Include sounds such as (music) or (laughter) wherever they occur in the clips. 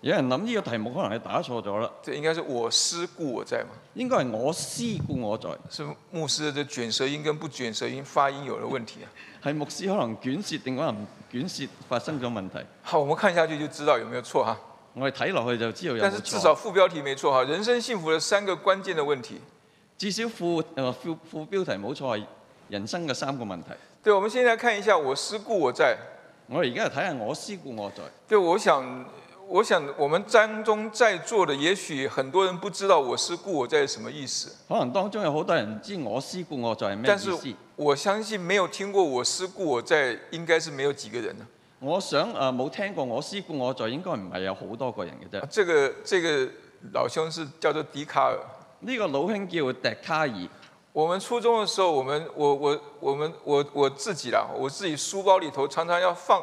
有人諗呢個題目可能係打錯咗啦。即係應該是，是我思故我在嘛？應該係我思故我在。是牧師的捲舌音跟不捲舌音發音有咗問題啊？係 (laughs) 牧師可能卷舌定可能捲舌發生咗問題。好，我們看下去就知道有沒有錯哈。我哋睇落去就知道有，有，但是至少副標題沒錯哈，人生幸福嘅三個關鍵嘅問題。至少副誒、呃、副副標題冇錯係人生嘅三個問題。對，我們現在看一下我思故我在。我哋而家睇下我思故我在。對，我想。我想，我們當中在座的，也許很多人不知道我思故我在什麼意思。可能當中有好多人知我思故我在咩意思。但是我相信沒有聽過我思故我在，應該是沒有幾個人啦。我想呃冇聽過我思故我在，應該唔係有好多個人嘅啫。這個這個老兄是叫做笛卡爾。呢個老兄叫笛卡爾。我們初中的時候，我們我我我我我自己啦，我自己書包裏頭常常要放。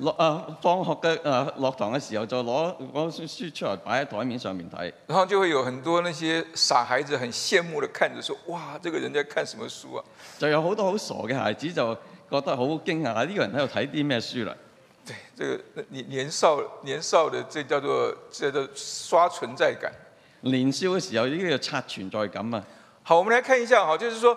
落啊！放學嘅啊落堂嘅時候就，就攞攞書書出嚟擺喺台面上面睇。然後就會有很多那些傻孩子很羨慕的看着，說：哇，這個人在看什麼書啊？就有好多好傻嘅孩子就覺得好驚訝，呢、這個人喺度睇啲咩書啦？對，這個年年少年少的這，這叫做叫做刷存在感。年少嘅時候呢啲叫刷存在感啊！好，我們來看一下，好，就是說。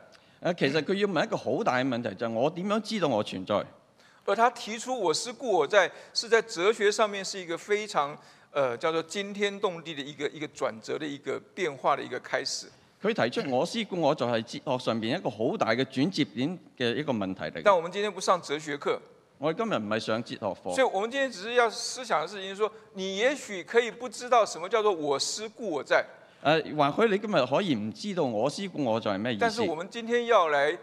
其實佢要問一個好大嘅問題，就係、是、我點樣知道我存在？而他提出我思故我在，是在哲學上面是一個非常、呃、叫做驚天動地的一個一個轉折的一個變化的一個開始。佢提出我思故我在係哲學上面一個好大嘅轉折點嘅一個問題嚟。但我們今天不上哲學課，我哋今日唔係上哲學課。所以我們今天只是要思想嘅事情就是，就係說你也許可以不知道什麼叫做我思故我在。誒，或許、呃、你今日可以唔知道我思故我在係咩意思，但是我們今天要來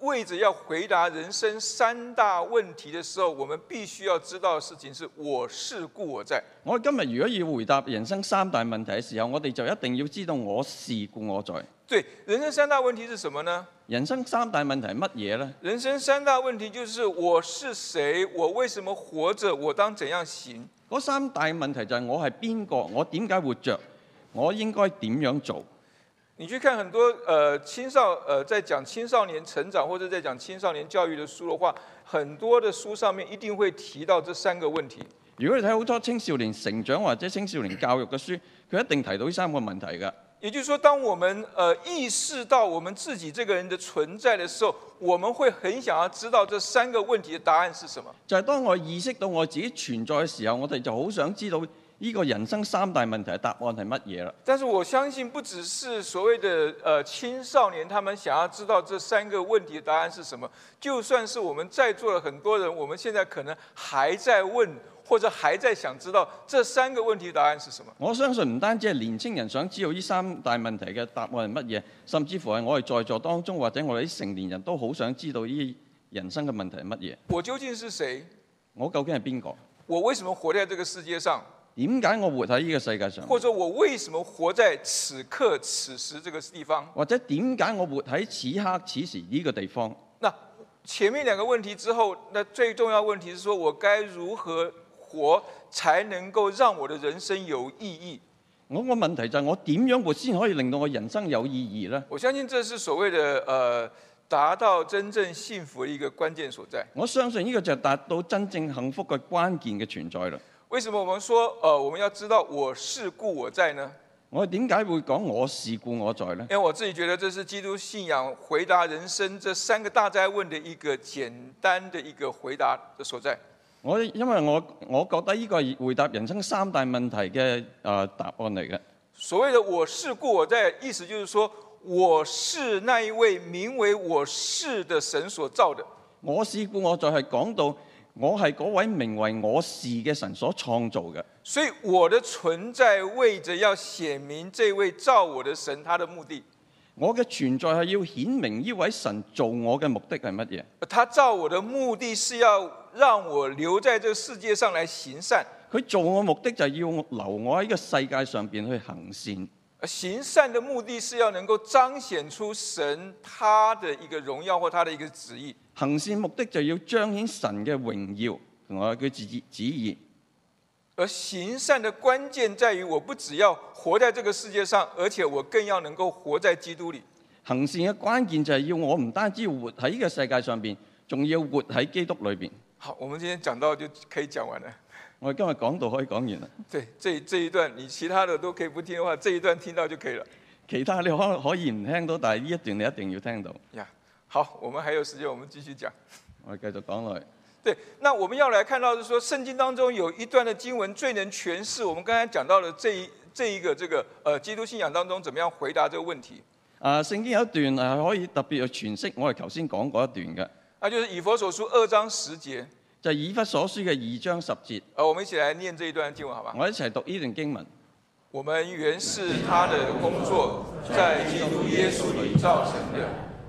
為着要回答人生三大問題的時候，我們必須要知道的事情是我是故我在。我今日如果要回答人生三大問題嘅時候，我哋就一定要知道我是故我在。對，人生三大問題係什麼呢？人生三大問題係乜嘢呢？人生，呢人生三大問題就是我是誰，我為什麼活着，我當怎樣行？嗰三大問題就係我係邊個，我點解活着？我應該點樣做？你去看很多呃，青少，呃，在講青少年成長或者在講青少年教育的書的話，很多的書上面一定會提到這三個問題。如果你睇好多青少年成長或者青少年教育嘅書，佢一定提到呢三個問題㗎。也就是說，當我們呃，意識到我們自己這個人的存在的時候，我們會很想要知道這三個問題的答案是什麼。就係當我意識到我自己存在嘅時候，我哋就好想知道。呢個人生三大問題嘅答案係乜嘢啦？但是我相信，不只是所謂的誒青少年，他們想要知道這三個問題答案係什麼，就算是我們在座嘅很多人，我們現在可能還在問，或者還在想知道這三個問題答案係什麼。我相信唔單止係年輕人想知道呢三大問題嘅答案係乜嘢，甚至乎係我哋在座當中或者我哋啲成年人都好想知道呢啲人生嘅問題係乜嘢。我究竟是誰？我究竟係邊個？我為什麼活在這個世界上？點解我活喺呢個世界上？或者我為什麼活在此刻、此時這個地方？或者點解我活喺此刻、此時呢個地方？那前面兩個問題之後，那最重要問題是：說我該如何活，才能夠讓我的人生有意義？我個問題就係我點樣活先可以令到我的人生有意義呢？我相信這是所謂的，呃達到真正幸福嘅一個關鍵所在。我相信呢個就係達到真正幸福嘅關鍵嘅存在啦。為什麼我們說，呃，我們要知道我是故我在呢？我點解會講我是故我在呢？因為我自己覺得這是基督信仰回答人生這三個大哉問的一個簡單的一個回答的所在。我因為我我覺得呢個回答人生三大問題嘅啊、呃、答案嚟嘅。所謂的我是故我在，意思就是說我是那一位名為我是的神所造的。我是故我在係講到。我係嗰位名為我是嘅神所創造嘅，所以我的存在為着要顯明這位造我的神他的目的。我嘅存在係要顯明呢位神造我嘅目的係乜嘢？他造我的目的是要讓我留在這世界上來行善。佢造我目的就係要留我喺呢個世界上邊去行善。行善的目的是要能夠彰顯出神他的一個榮耀或他的一個旨意。行善目的就要彰顯神嘅榮耀同埋佢自己旨意，而行善嘅關鍵在於，我不只要活在這個世界上，而且我更要能夠活在基督裏。行善嘅關鍵就係要我唔單止活喺呢個世界上邊，仲要活喺基督裏邊。好，我們今天講到就可以講完啦。我今日講到可以講完啦。對，這這一段你其他的都可以不聽嘅話，這一段聽到就可以了，其他你可可以唔聽到，但係呢一段你一定要聽到。Yeah. 好，我們還有時間，我們繼續講。我們繼續講啦。對，那我們要來看到的是說，聖經當中有一段的經文最能詮釋我們剛才講到的這一這一個這個，呃，基督信仰當中怎麼樣回答這個問題。啊，聖經有一段係、啊、可以特別有詮釋我哋頭先講嗰一段嘅，那、啊、就是以弗所書二章十節，就是以弗所書嘅二章十節。哦、啊，我們一起來念這一段經文，好吧？我一齊讀呢段經文。我們原是他的工作，在基督耶穌裏造成的。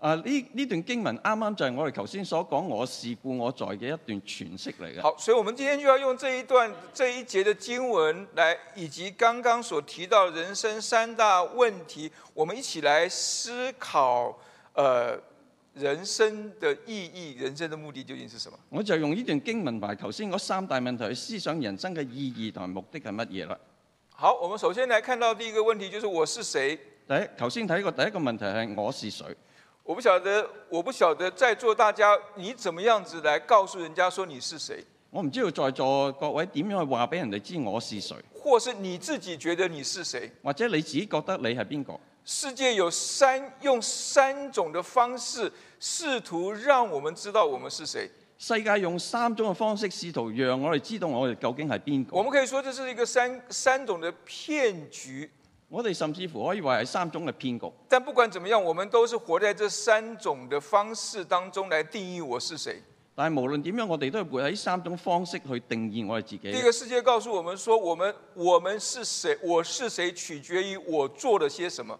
啊！呢，呢段經文啱啱就係我哋頭先所講，我是故我在嘅一段詮釋嚟嘅。好，所以，我們今天就要用這一段、這一節嘅經文來，來以及剛剛所提到人生三大問題，我們一起來思考，誒、呃，人生嘅意義、人生嘅目的究竟是什麼？我就用呢段經文，埋頭先嗰三大問題去思想人生嘅意義同埋目的係乜嘢啦。好，我們首先來看到第一個問題，就是我是誰。第一，頭先睇過第一個問題係我是誰。我不曉得，我不曉得在座大家，你怎麼樣子來告訴人家，說你是誰？我唔知道在座各位點樣去話俾人哋知我是誰？或是你自己覺得你是誰？或者你自己覺得你係邊個？世界有三，用三種的方式試圖讓我們知道我們是誰。世界用三種嘅方式試圖讓我哋知道我哋究竟係邊個。我們可以說這是一個三三種嘅騙局。我哋甚至乎可以話係三種嘅騙局。但不管怎麼樣，我們都是活在這三種的方式當中來定義我是誰。但係無論點樣，我哋都係活喺三種方式去定義我哋自己。這個世界告訴我們，說我們，我們是誰，我是誰取決於我做了些什麼。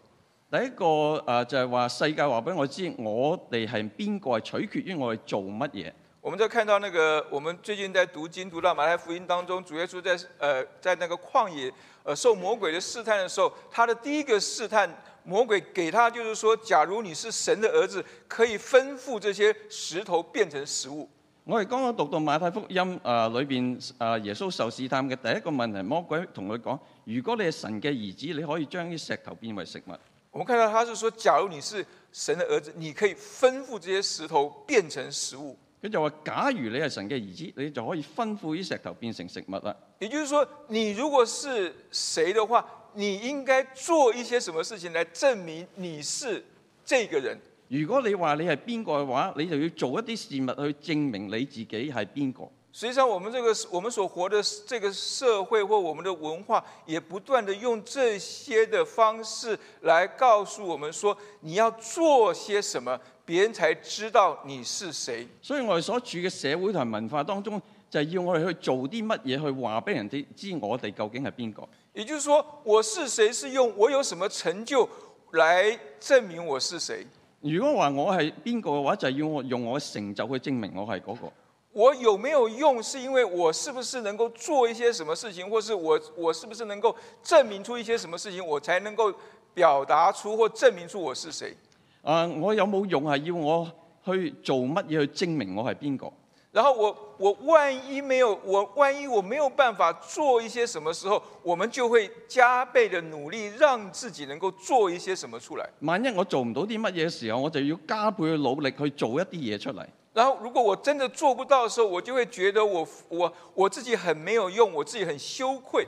第一個啊、呃，就係、是、話世界話俾我知，我哋係邊個係取決於我哋做乜嘢。我們就看到那個我們最近在讀經讀到《馬太福音》當中，主耶穌在呃在那個曠野。而受魔鬼的試探的時候，他的第一個試探，魔鬼給他就是說，假如你是神的兒子，可以吩咐這些石頭變成食物。我哋剛剛讀到馬太福音啊，裏邊啊耶穌受試探嘅第一個問題，魔鬼同佢講：如果你係神嘅兒子，你可以將啲石頭變為食物。我看到他是說，假如你是神的兒子，你可以吩咐這些石頭變成食物。佢就話：假如你係神嘅兒子，你就可以吩咐啲石頭變成食物啦。也就是說，你如果是誰的話，你應該做一些什麼事情來證明你是這個人。如果你話你係邊個嘅話，你就要做一啲事物去證明你自己係邊個。實際上，我們這個我們所活的這個社會或我們的文化，也不斷的用這些的方式來告訴我們說，你要做些什麼，別人才知道你是誰。所以我哋所處嘅社會同文化當中，就係要我哋去做啲乜嘢去話俾人哋知我哋究竟係邊個。也就是說，我是誰是用我有什麼成就來證明我是誰。如果話我係邊個嘅話，就係要我用我的成就去證明我係、嗰個。我有沒有用，是因為我是不是能夠做一些什麼事情，或是我我是不是能夠證明出一些什麼事情，我才能夠表達出或證明出我是誰？啊，uh, 我有冇用係要我去做乜嘢去證明我係邊個？然後我我萬一沒有，我萬一我沒有辦法做一些什麼時候，我們就會加倍的努力，讓自己能夠做一些什麼出來。萬一我做唔到啲乜嘢時候，我就要加倍去努力去做一啲嘢出嚟。然後，如果我真的做不到的時候，我就會覺得我我我自己很沒有用，我自己很羞愧。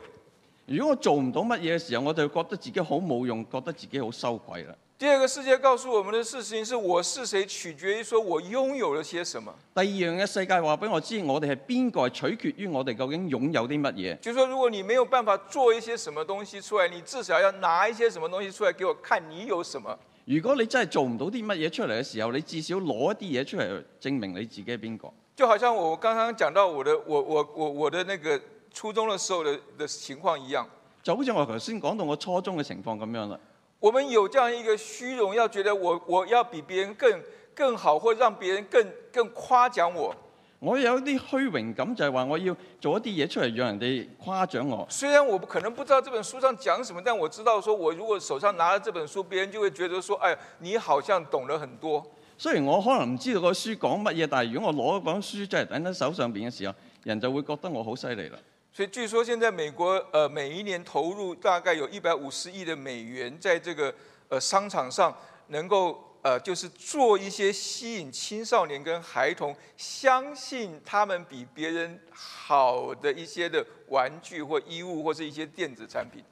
如果我做唔到乜嘢嘅時候，我就會覺得自己好冇用，覺得自己好羞愧了。第二個世界告訴我們的事情是：我是誰取決於說我擁有了些什麼。第二樣嘅世界話俾我知，我哋係邊個係取決於我哋究竟擁有啲乜嘢。就說如果你沒有辦法做一些什麼東西出來，你至少要拿一些什麼東西出來給我看，你有什麼？如果你真係做唔到啲乜嘢出嚟嘅時候，你至少攞一啲嘢出嚟證明你自己係邊個。就好像我剛剛講到我我我我我的那個初中的時候嘅情況一樣。就好似我頭先講到我初中嘅情況咁樣啦。我們有這樣一個虛榮，要覺得我我要比別人更更好，或讓別人更更誇獎我。我有一啲虛榮感，就係話我要做一啲嘢出嚟，讓人哋誇獎我。雖然我可能不知道這本書上講什麼，但我知道，說我如果手上拿了這本書，別人就會覺得說，哎，你好像懂了很多。雖然我可能唔知道個書講乜嘢，但係如果我攞一本書出嚟等喺手上邊嘅時候，人就會覺得我好犀利啦。所以據說，現在美國，呃，每一年投入大概有一百五十億的美元，在這個，呃，商場上能夠。呃，就是做一些吸引青少年跟孩童相信他們比別人好的一些的玩具或衣物或是一些電子產品。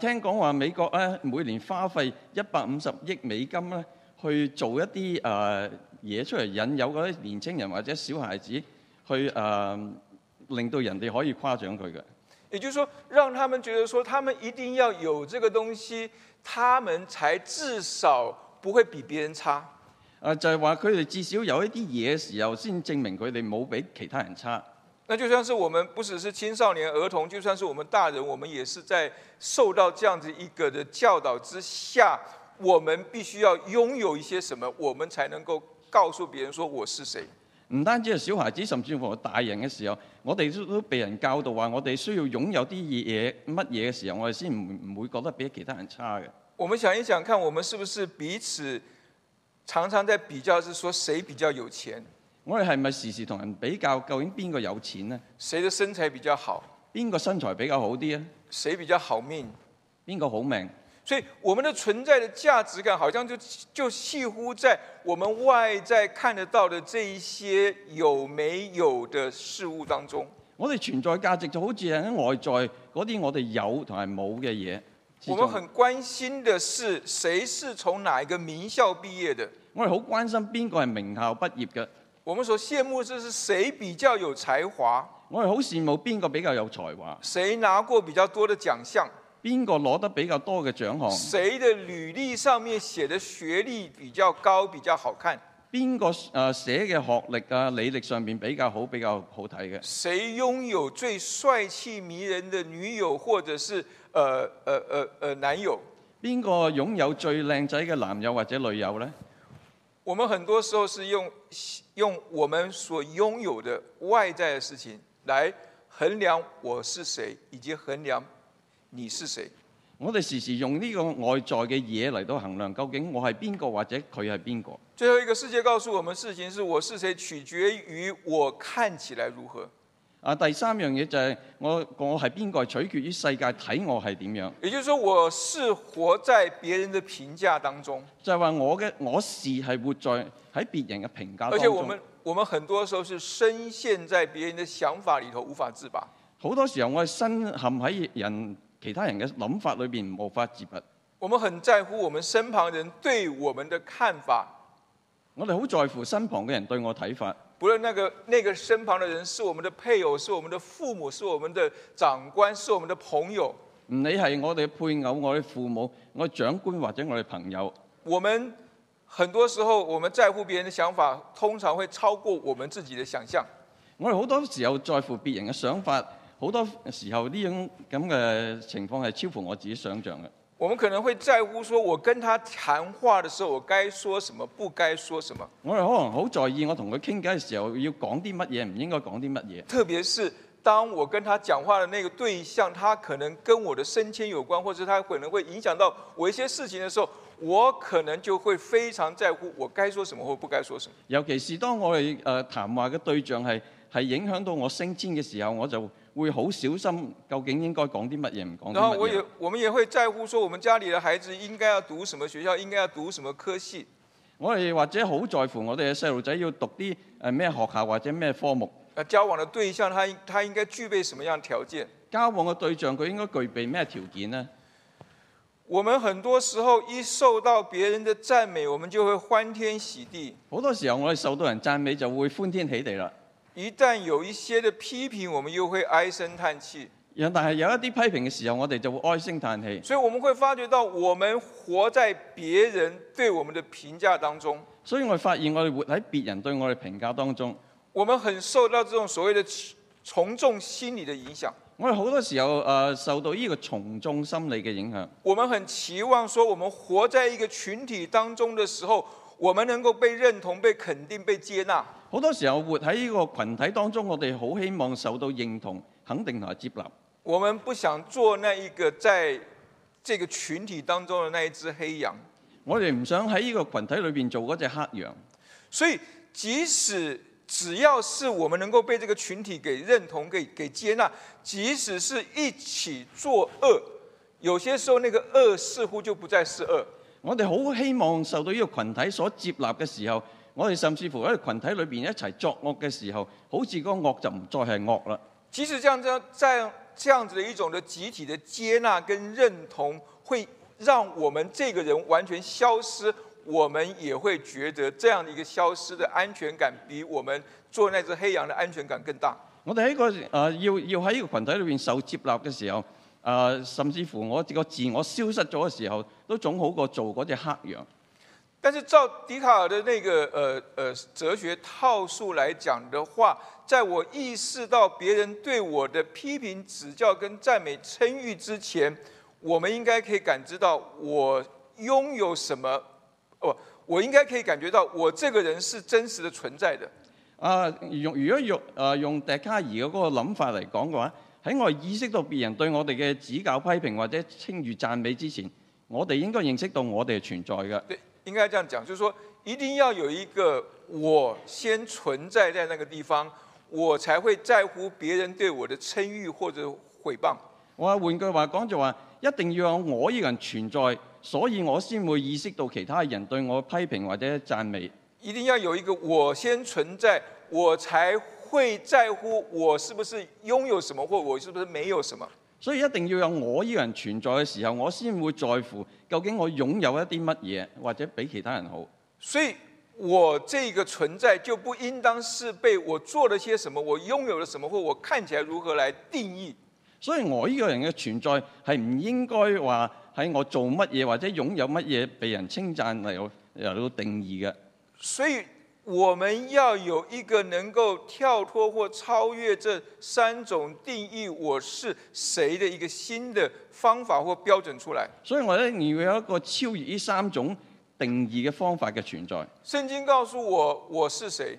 聽講話美國咧，每年花費一百五十億美金咧，去做一啲啊嘢出嚟引誘嗰啲年青人或者小孩子，去令到人哋可以誇獎佢嘅。也就是說，讓他們覺得說，他們一定要有這個東西，他們才至少。不會比別人差。啊，就係話佢哋至少有一啲嘢嘅時候，先證明佢哋冇比其他人差。那就算是我們不只是青少年，兒童，就算是我們大人，我們也是在受到這樣子一個嘅教導之下，我們必須要擁有一些什麼，我們才能夠告訴別人說我是誰。唔單止係小孩子，甚至乎大人嘅時候，我哋都都被人教導話，我哋需要擁有啲嘢乜嘢嘅時候，我哋先唔唔會覺得比其他人差嘅。我們想一想，看我們是不是彼此常常在比較，是說誰比較有錢？我哋係咪時時同人比較，究竟邊個有錢呢？誰的身材比較好？邊個身材比較好啲啊？誰比較好命？邊個好命？所以我們的存在的價值感，好像就就似乎在我們外在看得到的這一些有沒有的事物當中，我哋存在價值就好似喺外在嗰啲我哋有同係冇嘅嘢。我們很關心的是誰是從哪一個名校畢業的？我哋好關心邊個係名校畢業嘅。我們所羨慕就是誰比較有才華？我係好羨慕邊個比較有才華？誰拿過比較多的獎項？邊個攞得比較多嘅獎項？誰的履歷上面寫的學歷比較高、比較好看？邊個誒寫嘅學歷啊、履歷上面比較好比較好睇嘅？誰擁有最帥氣迷人的女友，或者是誒誒誒誒男友？邊個擁有最靚仔嘅男友或者女友咧？我們很多時候是用用我們所擁有的外在嘅事情，來衡量我是誰，以及衡量你是誰。我哋時時用呢個外在嘅嘢嚟到衡量究竟我係邊個，或者佢係邊個。最後一個世界告訴我們：事情是，我是誰，取決於我看起來如何。啊，第三樣嘢就係我，我係邊個，取決於世界睇我係點樣。也就是說，我是活在別人的評價當中。就係話我嘅，我是係活在喺別人嘅評價當中。而且，我們我們很多時候是深陷在別人嘅想法裏頭，無法自拔。好多時候，我係深陷喺人其他人嘅諗法裏邊，無法自拔。我們很在乎我們身旁的人對我哋嘅看法。我哋好在乎身旁嘅人對我睇法。不論那個、那個身旁嘅人，是我們的配偶，是我們的父母，是我們的長官，是我們的朋友。唔理係我哋配偶、我哋父母、我的長官或者我哋朋友。我們很多時候我們在乎別人的想法，通常會超過我們自己的想象。我哋好多時候在乎別人嘅想法，好多時候呢種咁嘅情況係超乎我自己想象嘅。我們可能會在乎，說我跟他談話的時候，我該說什麼，不該說什麼。我哋可能好在意，我同佢傾偈嘅時候要講啲乜嘢，唔應該講啲乜嘢。特別是當我跟他講話的那個對象，他可能跟我的升遷有關，或者他可能會影響到我一些事情的時候，我可能就會非常在乎我該說什麼或不該說什麼。尤其是當我哋誒談話嘅對象係係影響到我升遷嘅時候，我就。會好小心，究竟應該講啲乜嘢，唔講啲乜嘢？然後我也，我們也會在乎，說我們家裡的孩子應該要讀什麼學校，應該要讀什麼科系。我哋或者好在乎我哋嘅細路仔要讀啲誒咩學校或者咩科目。誒，交往的對象他，他他應該具備什麼樣條件？交往嘅對象佢應該具備咩條件呢？我們很多時候一受到別人的讚美，我們就會歡天喜地。好多時候我哋受到人讚美就會歡天喜地啦。一旦有一些的批評，我們又會唉聲嘆氣。但係有一啲批評嘅時候，我哋就會唉聲嘆氣。所以我們會發覺到，我們活在別人對我們的評價當中。所以我們發現我哋活喺別人對我哋評價當中。我們很受到這種所謂的從眾心理的影響。我哋好多時候誒、呃、受到呢個從眾心理嘅影響。我們很期望說，我們活在一個群體當中的時候，我們能夠被認同、被肯定、被接納。好多時候活喺呢個群體當中，我哋好希望受到認同、肯定同接納。我們不想做那一個在這個群體當中的那一隻黑羊。我哋唔想喺呢個群體裏面做嗰隻黑羊。所以，即使只要是我們能夠被這個群體給認同、給給接納，即使是一起做惡，有些時候那個惡似乎就不再是惡。我哋好希望受到呢個群體所接納嘅時候，我哋甚至乎喺個群體裏邊一齊作惡嘅時候，好似個惡就唔再係惡啦。即使這樣這樣在這樣子的一種嘅集體嘅接納跟認同，會讓我們這個人完全消失，我們也會覺得這樣一個消失的安全感，比我們做那隻黑羊的安全感更大。我哋喺個誒、呃、要要喺呢個群體裏邊受接納嘅時候。誒、呃，甚至乎我、這個自我消失咗嘅時候，都總好過做嗰隻黑羊。但是照笛卡爾的那個誒誒、呃呃、哲學套數來講的話，在我意識到別人對我的批評指教跟讚美稱譽之前，我們應該可以感知到我擁有什麼？不、呃，我應該可以感覺到我這個人是真實的存在的。啊、呃呃，用如果用誒用笛卡爾嘅嗰個諗法嚟講嘅話。喺我意識到別人對我哋嘅指教、批評或者稱譽、讚美之前，我哋應該認識到我哋係存在嘅。對，應該係咁樣講，就係說一定要有一個我先存在在那個地方，我才會在乎別人對我的稱譽或者誹謗。我換句話講就話，一定要有我一個人存在，所以我先會意識到其他人對我批評或者讚美。一定要有一個我先存在，我才會在乎我是不是擁有什麼或我是不是沒有什麼？所以一定要有我呢個人存在嘅時候，我先會在乎究竟我擁有一啲乜嘢或者比其他人好。所以我這個存在就不應當是被我做了些什麼，我擁有了什麼或我看起來如何來定義。所以我呢個人嘅存在係唔應該話喺我做乜嘢或者擁有乜嘢被人稱讚嚟我嚟到定義嘅。所以。我們要有一個能夠跳脱或超越這三種定義我是誰的一個新的方法或標準出來。所以，我一你要有一個超越呢三種定義嘅方法嘅存在。聖經告訴我我是誰？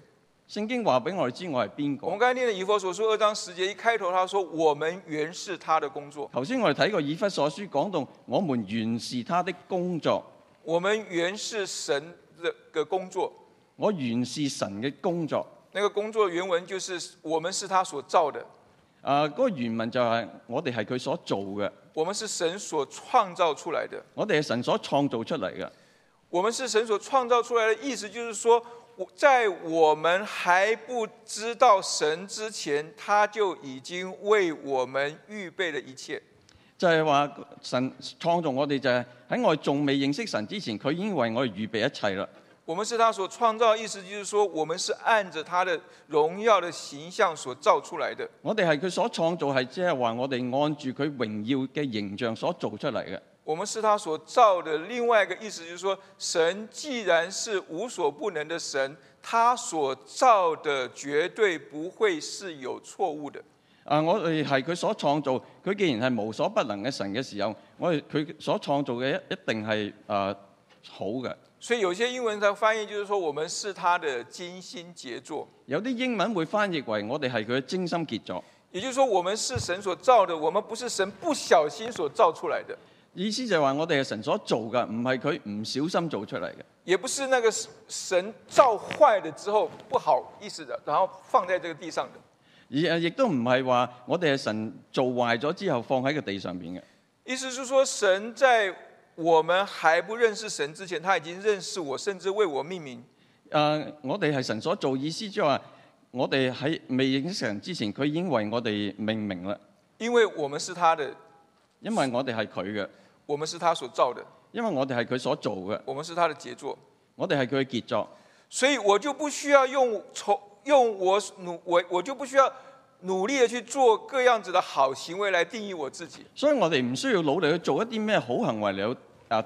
聖經話俾我哋知我係邊個？我剛才念了以弗所書二章十節，一開頭他說：我們原是他的工作。頭先我哋睇過以弗所書講到我們原是他的工作，我們原是神嘅嘅工作。我原是神嘅工作。那個工作原文就是我們是他所造的。啊、呃，嗰個原文就係我哋係佢所做嘅。我們是神所創造出來的。我哋係神所創造出嚟嘅。我們是神所創造出來的意思，就是說在我們還不知道神之前，他就已經為我們預備了一切。就係話神創造我哋就係喺我哋仲未認識神之前，佢已經為我哋預備一切啦。我們是他所創造，意思就是說，我們是按着他的榮耀的形象所造出來的。我哋係佢所創造，係即係話我哋按住佢榮耀嘅形象所做出嚟嘅。我們是他所造的另外一個意思，就是說，神既然是無所不能的神，他所造的絕對不會是有錯誤的。啊，我哋係佢所創造，佢既然係無所不能嘅神嘅時候，我哋佢所創造嘅一一定係啊好嘅。所以有些英文在翻譯就是說，我們是他的精心傑作。有啲英文會翻譯為我哋係佢精心傑作。也就是說，我們是神所造的，我們不是神不小心所造出來的。意思就係話，我哋係神所做的，唔係佢唔小心做出來嘅。也不是那個神造壞了之後不好意思的，然後放在這個地上的。而亦都唔係話我哋係神做壞咗之後放喺個地上邊嘅。意思就是說，神在。我們還不認識神之前，他已經認識我，甚至為我命名。誒、呃，我哋係神所做意思，即係話我哋喺未認識之前，佢已經為我哋命名啦。因為我們是他的，因為我哋係佢嘅，我們是他所造的，因為我哋係佢所做嘅，我們是他的傑作，我哋係佢嘅傑作，所以我就不需要用從用我努我我就不需要。努力地去做各樣子的好行為來定義我自己，所以我哋唔需要努力去做一啲咩好行為嚟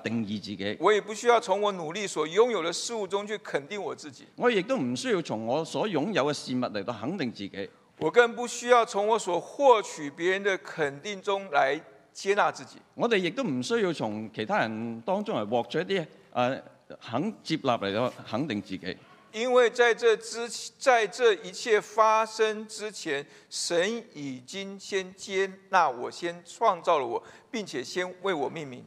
定義自己。我也不需要從我努力所擁有的事物中去肯定我自己。我亦都唔需要從我所擁有嘅事物嚟到肯定自己。我更不需要從我所獲取別人的肯定中來接納自己。我哋亦都唔需要從其他人當中嚟獲取一啲、呃、肯接納嚟到肯定自己。因為在這之前，在這一切發生之前，神已經先接納我，先創造了我，並且先為我命名。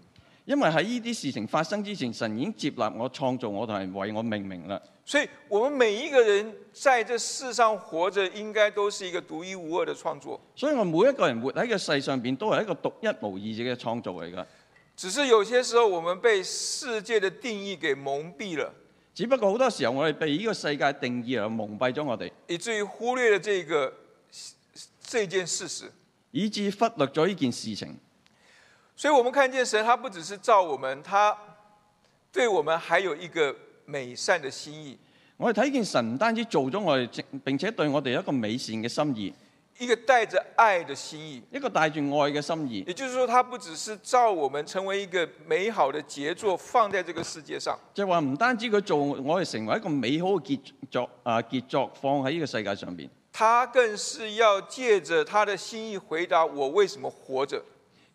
因為喺呢啲事情發生之前，神已經接納我、創造我同埋為我命名啦。所以，我們每一個人在這世上活着，應該都是一個獨一無二的創作。所以我每一個人活喺個世上邊，都係一個獨一無二嘅創作嚟噶。只是有些時候，我們被世界的定義給蒙蔽了。只不過好多時候我哋被呢個世界定義而蒙蔽咗我哋，以至於忽略了這個這件事實，以致忽略咗呢件事情。所以，我們看見神，他不只是照我們，他對我們還有一個美善的心意。我哋睇見神唔單止做咗我哋，並且對我哋有一個美善嘅心意。一個帶着愛的心意，一個帶住愛嘅心意，也就是說，他不只是造我們成為一個美好的傑作，放在這個世界上。就話唔單止佢做，我哋成為一個美好嘅傑作，啊傑作放喺呢個世界上面。他更是要借着他的心意回答我為什麼活着。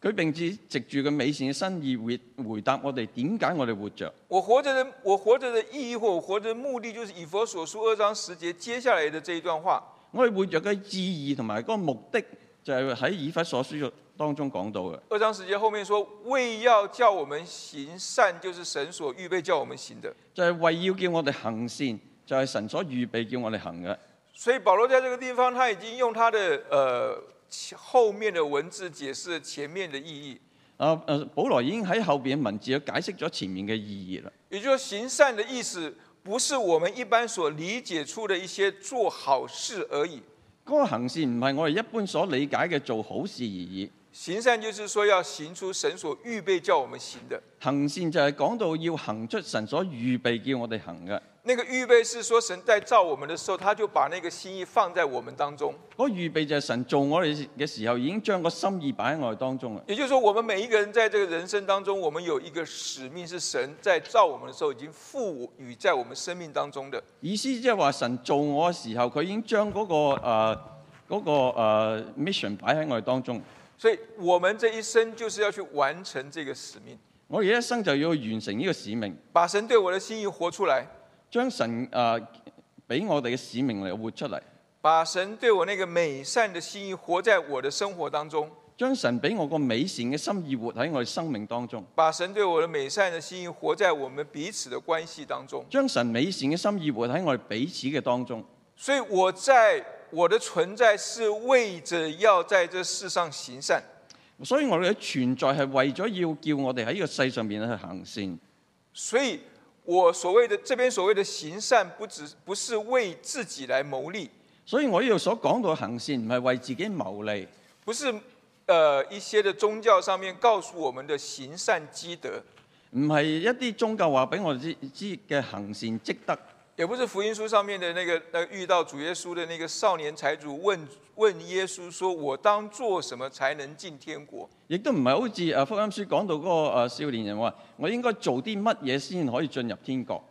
佢並致藉住個美善嘅心意回回答我哋點解我哋活着。我活着的我活着的意義或我活着的目的，就是以弗所書二章十節接下來的這一段話。我哋活着嘅意義同埋嗰個目的，就係喺以弗所書當中中講到嘅。二章十節後面說：為要叫我們行善，就是神所預備叫我們行的。就係為要叫我哋行善，就係神所預備叫我哋行嘅。所以，保羅在這個地方，他已經用他的誒、呃、後面的文字解釋前面嘅意義。啊誒，保羅已經喺後邊文字解釋咗前面嘅意義啦。也就話行善嘅意思。不是我們一般所理解出的一些做好事而已。嗰個行善唔係我哋一般所理解嘅做好事而已。行善就是說要行出神所預備叫我們行的。行善就係講到要行出神所預備叫我哋行嘅。那個預備是說神在造我們的時候，他就把那個心意放在我們當中。我預備就係神做我哋嘅時候，已經將個心意擺喺我哋當中了。也就是說，我們每一個人在這個人生當中，我們有一個使命，是神在造我們的時候已經賦予在我們生命當中的。意思即係話，神做我嘅時候，佢已經將嗰、那個呃，嗰、uh, 那個呃、uh, mission 擺喺我哋當中。所以我們這一生就是要去完成這個使命。我嘅一生就要完成呢個使命，把神對我的心意活出來。將神啊俾、呃、我哋嘅使命嚟活出嚟，把神對我那個美善嘅心意活在我的生活當中。將神俾我個美善嘅心意活喺我哋生命當中。把神對我嘅美善嘅心意活在我們彼此嘅關係當中。將神美善嘅心意活喺我哋彼此嘅當中。當中所以我在我的存在是為着要在這世上行善，所以我哋嘅存在係為咗要叫我哋喺呢個世上面去行善，所以。我所謂的，這邊所謂的行善不，不只不是為自己來牟利，所以我要所講到行善唔係為自己牟利，不是，呃，一些的宗教上面告訴我們的行善積德，唔係一啲宗教話俾我知知嘅行善積德。也不是福音書上面的那個，那遇到主耶穌的那個少年財主問問耶穌，說我當做什麼才能進天國？亦都唔係好似誒福音書講到嗰個誒少年人話，我應該做啲乜嘢先可以進入天國？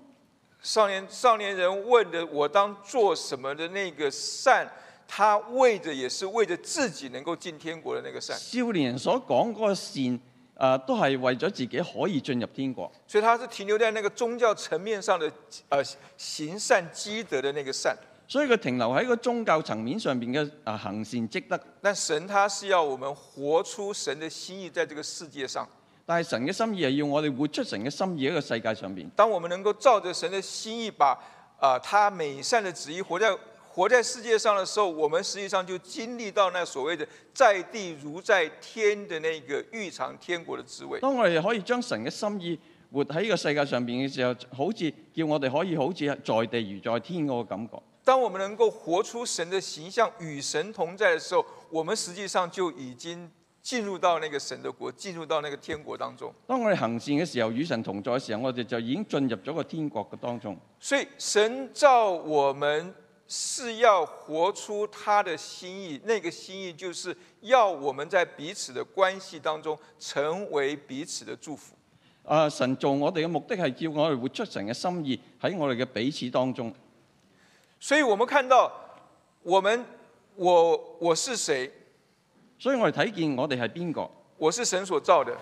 少年少年人問的我當做什麼的那個善，他為的也是為着自己能夠進天國的那個善。少年人所講嗰個善。誒、啊，都係為咗自己可以進入天國。所以，他是停留在那個宗教層面上的，誒、呃、行善積德的那個善。所以，佢停留喺個宗教層面上邊嘅啊行善積德。但神，他是要我們活出神嘅心意，在這個世界上。但係神嘅心意係要我哋活出神嘅心意喺個世界上邊。當我們能夠照着神嘅心意把，把、呃、啊他美善嘅旨意活在。活在世界上的時候，我們實際上就經歷到那所謂的“在地如在天”的那個預嘗天國的滋味。當我哋可以將神嘅心意活喺呢個世界上邊嘅時候，好似叫我哋可以好似在地如在天嗰個感覺。當我們能夠活出神的形象，與神同在嘅時候，我們實際上就已經進入到那個神的國，進入到那個天國當中。當我哋行善嘅時候，與神同在嘅時候，我哋就已經進入咗個天國嘅當中。所以神造我們。是要活出他的心意，那個心意就是要我們在彼此的關係當中成為彼此的祝福。啊，神做我哋嘅目的係叫我哋活出神嘅心意喺我哋嘅彼此當中。所以我們看到我們，我們我我是誰？所以我哋睇見我哋係邊個？我是神所造的，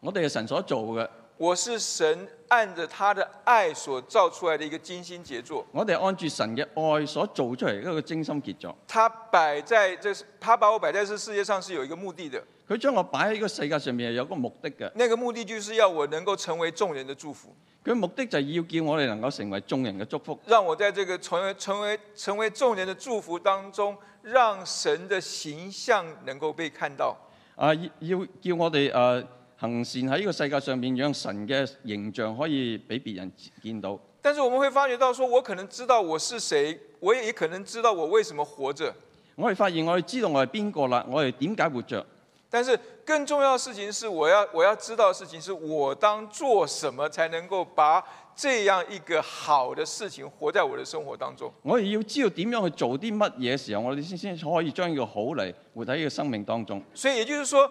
我哋係神所造嘅，我是神。按着他的愛所造出來的一個精心傑作，我哋按住神嘅愛所做出嚟一個精心傑作。他擺在這，他把我擺在這世界上是有一個目的的。佢將我擺喺呢個世界上面係有個目的嘅。那個目的就是要我能夠成為眾人的祝福。佢目的就係要叫我哋能夠成為眾人嘅祝福。讓我在這個成為成為成為眾人的祝福當中，讓神的形象能夠被看到。啊、呃，要要叫我哋啊。呃行善喺呢個世界上面讓神嘅形象可以俾別人見到。但是我們會發覺到說，說我可能知道我是誰，我也可能知道我為什麼活着。我會發現我哋知道我係邊個啦，我哋點解活着？但是更重要嘅事情是，我要我要知道嘅事情，是我當做什麼才能夠把這樣一個好的事情活在我的生活當中。我哋要知道點樣去做啲乜嘢時候，我哋先先可以將呢個好嚟活喺呢個生命當中。所以也就是說。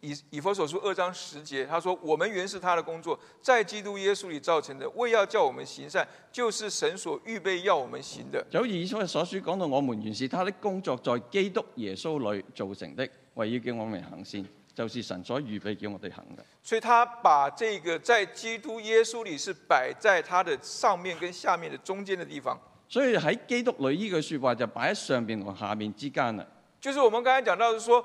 以以弗所書二章十節，他說：我們原是他的工作，在基督耶穌裏造成的，為要叫我們行善，就是神所預備要我們行的。就好似以弗所書講到，我們原是他的工作，在基督耶穌裏造成的，為要叫我們行善，就是神所預備叫我哋行嘅。所以，他把這個在基督耶穌裏是擺在他的上面跟下面的中間的地方。所以喺基督裏呢句說話就擺喺上面和下面之間啦。就是我們剛才講到，是說。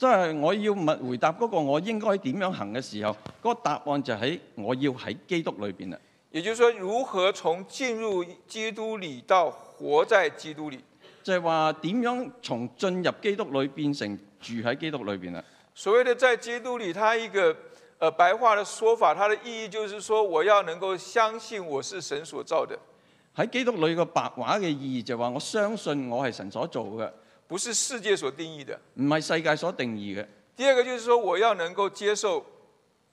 即係我要問回答嗰個我應該點樣行嘅時候，嗰、那個答案就喺我要喺基督裏邊啦。也就是說，如何從進入基督裏到活在基督裏？就係話點樣從進入基督裏變成住喺基督裏邊啦？所謂的在基督裏，它一個白話嘅說法，它的意義就是說，我要能夠相信我是神所造的。喺基督裏個白話嘅意義就係話我相信我係神所造嘅。不是世界所定義的，唔係世界所定義嘅。第二個就是說，我要能夠接受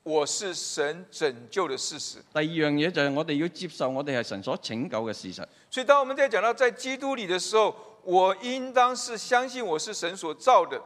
我是神拯救的事實。第二樣嘢就係我哋要接受我哋係神所拯救嘅事實。所以當我們在講到在基督裏的時候，我應當是相信我是神所造的。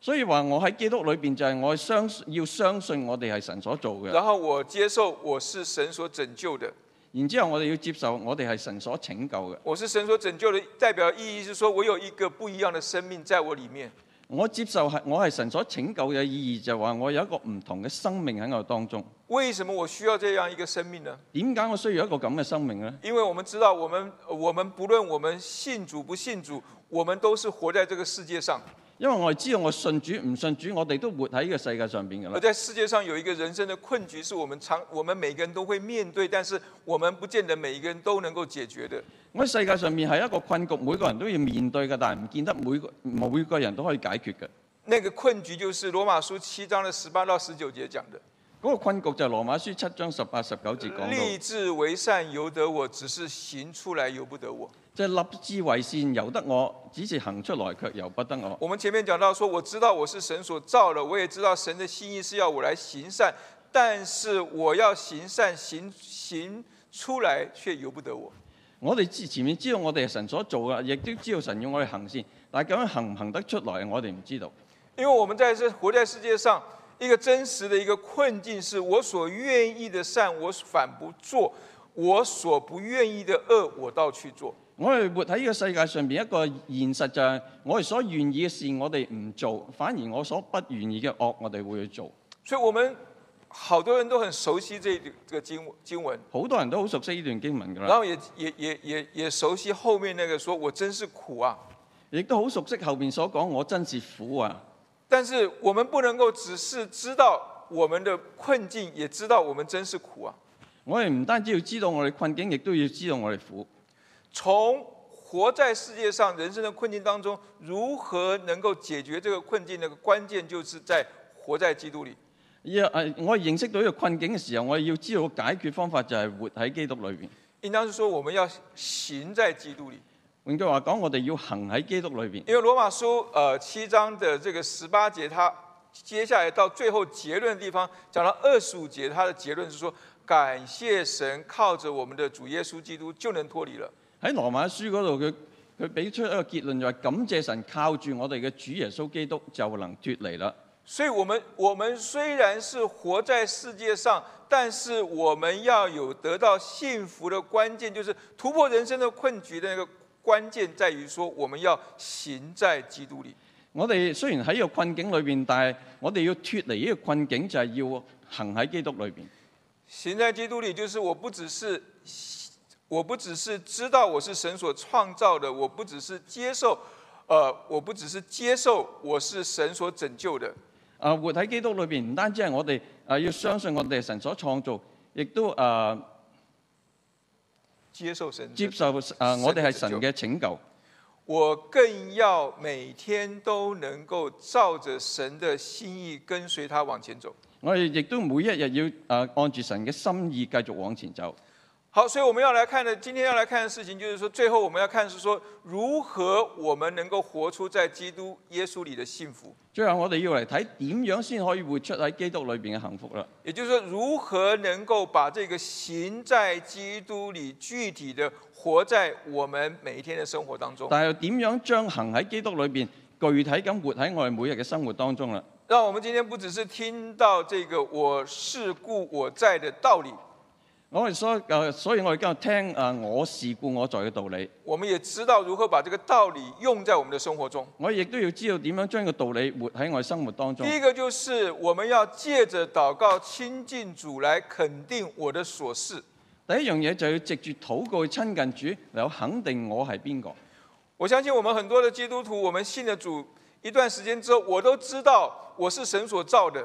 所以話我喺基督裏邊就係我要相我要相信我哋係神所做嘅。然後我接受我是神所拯救的。然之後，我哋要接受，我哋係神所拯救嘅。我是神所拯救嘅，代表意義是說，我有一個不一樣嘅生命在我裡面。我接受係我係神所拯救嘅意義，就係話我有一個唔同嘅生命喺我當中。為什麼我需要這樣一個生命呢？點解我需要一個咁嘅生命呢？因為我們知道，我們，我們，無論我們信主不信主，我們都是活喺這個世界上。因為我知道我信主唔信主，我哋都活喺呢個世界上邊嘅啦。我在世界上有一個人生的困局，是我們常，我們每個人都會面對，但是我們不見得每一個人都能夠解決的。我喺世界上面係一個困局，每個人都要面對嘅，但係唔見得每個每個人都可以解決嘅。那個困局就是羅馬書七章的十八到十九節講的。嗰個困局就係羅馬書七章十八十九節講到立志為善，由得我，只是行出來由不得我。即係立志為善由得我，只是行出來卻由不得我。我們前面講到說，我知道我是神所造的，我也知道神的心意是要我來行善，但是我要行善行行出來卻由不得我。我哋前前面知道我哋係神所做嘅，亦都知道神要我哋行善，但係咁樣行唔行得出來，我哋唔知道。因為我們在這活在世界上，一個真實的一個困境是：我所願意的善我反不做，我所不願意的惡我倒去做。我哋活喺呢個世界上邊，一個現實就係我哋所願意嘅事，我哋唔做，反而我所不願意嘅惡，我哋會去做。所以我們好多人都很熟悉這這個經經文，好多人都好熟悉呢段經文噶啦。然後也也也也也熟悉後面那個說我真是苦啊，亦都好熟悉後面所講我真是苦啊。但是我們不能夠只是知道我們的困境，也知道我們真是苦啊。我哋唔單止要知道我哋困境，亦都要知道我哋苦啊。從活在世界上人生的困境當中，如何能夠解決這個困境？那個關鍵就是在活在基督裏。一啊，我認識到一個困境的時候，我要知道解決方法，就係活喺基督裏邊。應當是說，我們要行在基督裏。換句話講，我哋要行喺基督裏面。因為羅馬書呃七章的這個十八節，它接下來到最後結論的地方講到二十五節，它的結論是說，感謝神，靠着我們的主耶穌基督就能脱離了。喺羅馬書嗰度，佢佢俾出一個結論，就係感謝神，靠住我哋嘅主耶穌基督就能脫離啦。所以，我們我們雖然是活在世界上，但是我們要有得到幸福的關鍵，就是突破人生的困局嘅嗰個關鍵，在於說我們要行在基督裏。我哋雖然喺個困境裏邊，但係我哋要脫離呢個困境，就係、是、要行喺基督裏邊。行在基督裏，督裡就是我不只是。我不只是知道我是神所創造的，我不只是接受，呃，我不只是接受我是神所拯救的，啊，活喺基督裏邊唔單止係我哋啊要相信我哋係神所創造，亦都啊接受神接受啊我哋係神嘅拯救。拯救，我更要每天都能夠照着神的心意跟隨他往前走。我哋亦都每一日要啊按住神嘅心意繼續往前走。好，所以我們要來看的，今天要來看的事情，就是說，最後我們要看是說，如何我們能夠活出在基督耶穌裏的幸福。最後我哋要嚟睇點樣先可以活出喺基督裏邊嘅幸福啦。也就是說，如何能夠把這個行在基督裏具體的活在我們每一天的生活當中。但又點樣將行喺基督裏邊，具體咁活喺我哋每日嘅生活當中啦？讓我們今天不只是聽到這個“我是故我在”的道理。我係所誒，所以我而家聽誒，我是故我在嘅道理。我們也知道如何把這個道理用在我們的生活中。我亦都要知道點樣將呢個道理活喺我生活當中。第一個就是我們要借着禱告親近主，來肯定我的所是。第一樣嘢就要藉住禱告去親近主，嚟肯定我係邊個。我相信我們很多的基督徒，我們信了主一段時間之後，我都知道我是神所造的。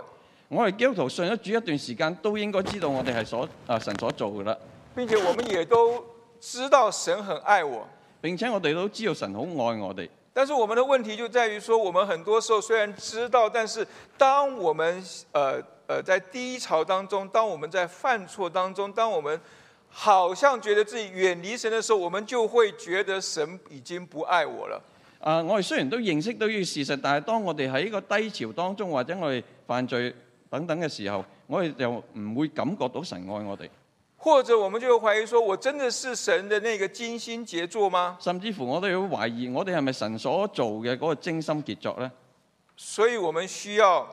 我係基督徒，信咗主一段時間，都應該知道我哋係所啊、呃、神所做嘅喇。並且我們也都知道神很愛我，並且我哋都知道神好愛我哋。但是我們的問題就在於，說我們很多時候雖然知道，但是當我們呃呃在低潮當中，當我們在犯錯當中，當我們好像覺得自己遠離神的時候，我們就會覺得神已經不愛我啦。啊、呃，我哋雖然都認識到呢個事實，但係當我哋喺呢個低潮當中，或者我哋犯罪，等等嘅時候，我哋又唔會感覺到神愛我哋。或者，我們就懷疑說我真的是神的那個精心傑作嗎？甚至乎我都要懷疑，我哋係咪神所做嘅嗰個精心傑作呢？所以我們需要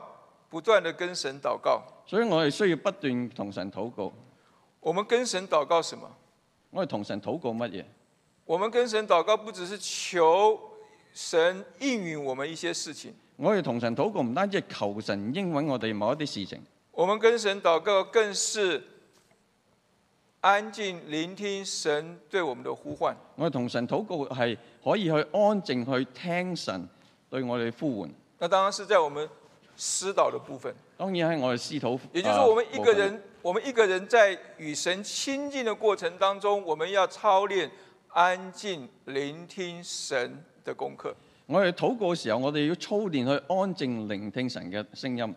不斷地跟神禱告。所以我哋需要不斷同神禱告。我們跟神禱告什麼？我哋同神禱告乜嘢？我們跟神禱告不只是求神應允我們一些事情。我哋同神禱告唔單止係求神應允我哋某一啲事情。我們跟神禱告，更是安靜聆聽神對我們的呼喚。我哋同神禱告係可以去安靜去聽神對我哋呼喚。那當然是在我們私禱的部分。當然係我哋私禱。也就是說，我們一個人，啊、我，我們一個人在與神親近的過程當中，我們要操練安靜聆聽神的功課。我哋禱告嘅時候，我哋要操練去安靜聆聽神嘅聲音。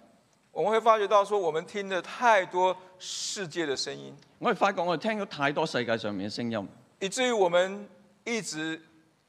我們會發覺到，說我們聽咗太多世界嘅聲音。我哋發覺我哋聽咗太多世界上面嘅聲音，以至於我們一直